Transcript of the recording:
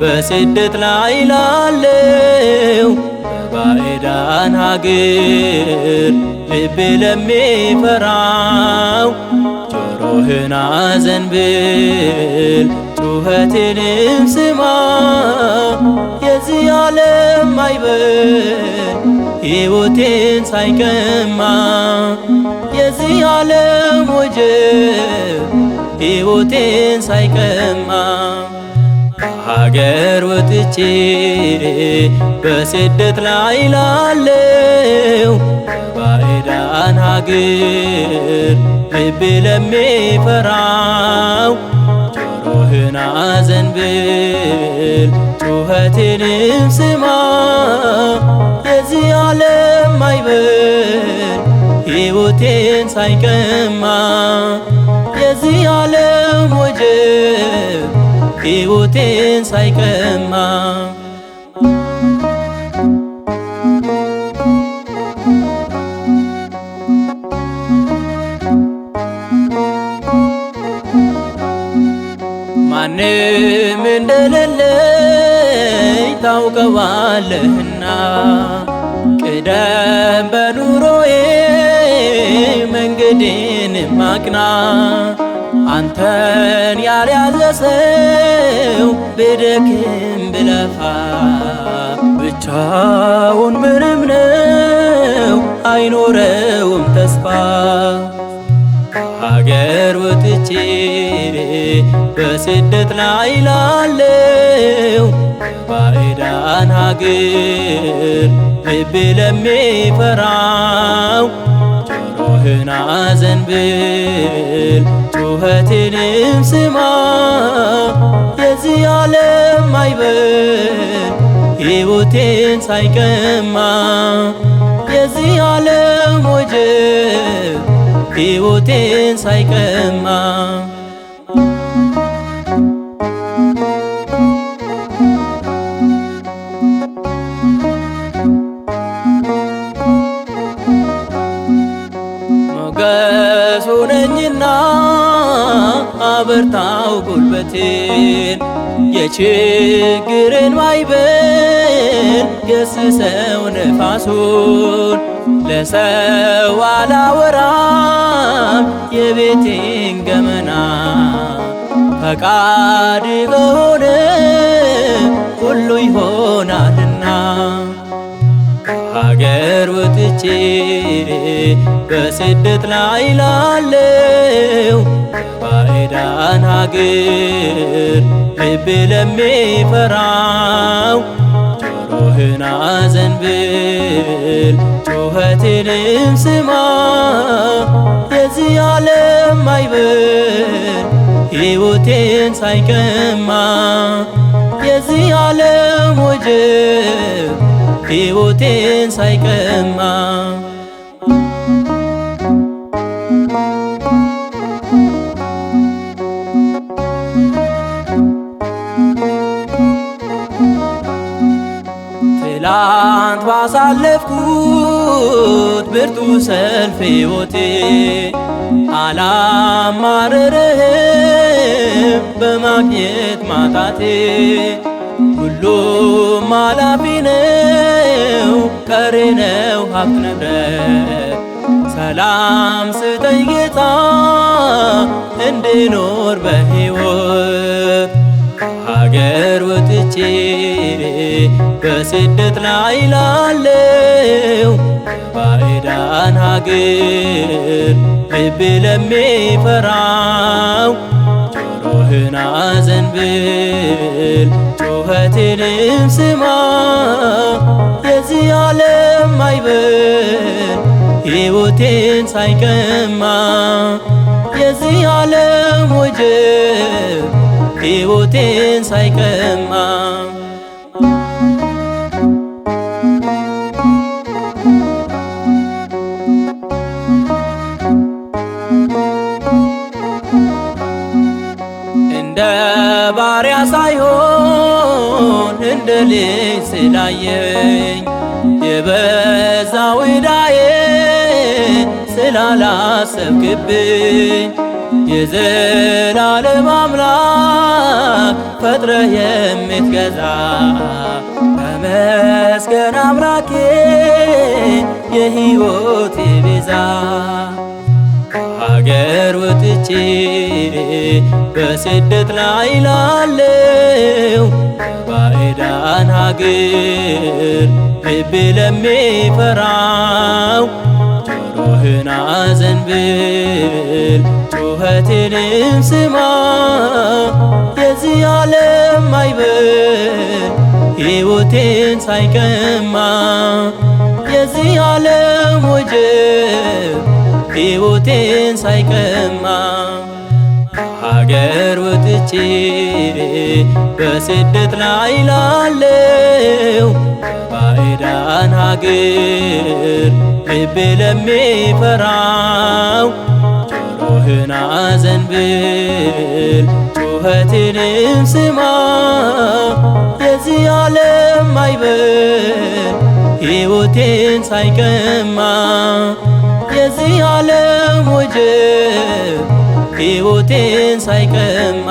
በስደት ላይ ላለው በባዕዳን ሀገር ልብ ለሚፈራው ጆሮህን አዘንብል ጩኸትንም ስማ። የዚህ ዓለም ማይበር ሕይወቴን ሳይቀማ የዚህ ዓለም ወጀብ ሕይወቴን ሳይቀማ ሀገር ወጥቼ በስደት ላይ ላለው ከባዕዳን ሀገር ልብ ለሚፈራው ጆሮህን አዘንብል ጩኸቴንም ስማ። የዚህ ዓለም ማይበር ሕይወቴን ሳይቀማ የዚህ ዓለም ወጀብ ሕይወቴን ሳይቀማ ማንም እንደሌለኝ ታውቀዋለህና ቅደም በኑሮዬ መንገዴን ማቅና አንተን ያልያዘ ሰው ብደክም ብለፋ ብቻውን ምንም ነው አይኖረውም ተስፋ። ሀገር ወጥቼ በስደት ላይ ላለው ባዕዳን ሀገር ልብ ለሚፈራው ጆሮህን አዘንብል ጩኸቴንም ስማ የዚህ ዓለም ማይበል ሕይወቴን ሳይቀማ የዚህ ዓለም ወጀ ሕይወቴን ሳይቀማ ሞገስ ሆነኝና አበርታው ጉልበቴን የችግርን ማይበል ገስሰው ነፋሱን ለሰው አላወራም የቤቴን ገመና ፈቃድ በሆነ ሁሉ ይሆናልና ሀገር ወጥቼ በስደት ላይ ላለው ባዕዳን ሀገር ልብ ለሚፈራው ጆሮህን አዘንብል ጩኸትንም ስማ። የዚህ ዓለም ማይበር ሕይወቴን ሳይቀማ የዚህ ዓለም ወጀብ ሕይወቴን ሳይቀማ ትላንት ባሳለፍኩት ብርቱ ሰልፍ ሕይወቴ አላማረረህም በማግኘት ማጣቴ ሁሉም አላፊ ነው ፍቅሬ ነው ሀብት ንብረት። ሰላም ስጠኝ ጌታ እንድኖር በሕይወት ሀገር ወጥቼ በስደት ላይ ላለው ባዕዳን ሀገር ልብ ለሚፈራው ልብህን አዘንብል ጩኸቴንም ስማ። የዚህ ዓለም ማይበል ሕይወቴን ሳይቀማ የዚህ ዓለም ወጀብ ሕይወቴን ሳይቀማ እንደ ልጅ ስላየኝ የበዛ ወዳዬ ስላላሰብክብኝ የዘላለም አምላክ ፈጥረ የምትገዛ በመስገን አምላኬ የሕይወት ቤዛ ሀገር ወጥቼ በስደት ላይ ላለው መዳን ሀገር ልብ ለሚፈራው ጆሮህን አዘንብል ጩኸቴንም ስማ። የዚህ ዓለም ማይበል ሕይወቴን ሳይቀማ የዚህ ዓለም ወጀብ ሕይወቴን ሳይቀማ ከአገር ወጥቼ በስደት ላይ ላለው በባዕዳን ሀገር ልቤ ለሚፈራው ጆሮህን አዘንብል ጩኸትንም ስማ። የዚህ ዓለም አይበል ሕይወቴን ሳይቀማ የዚህ ዓለም ወጀብ ሕይወቴን ሳይቀማ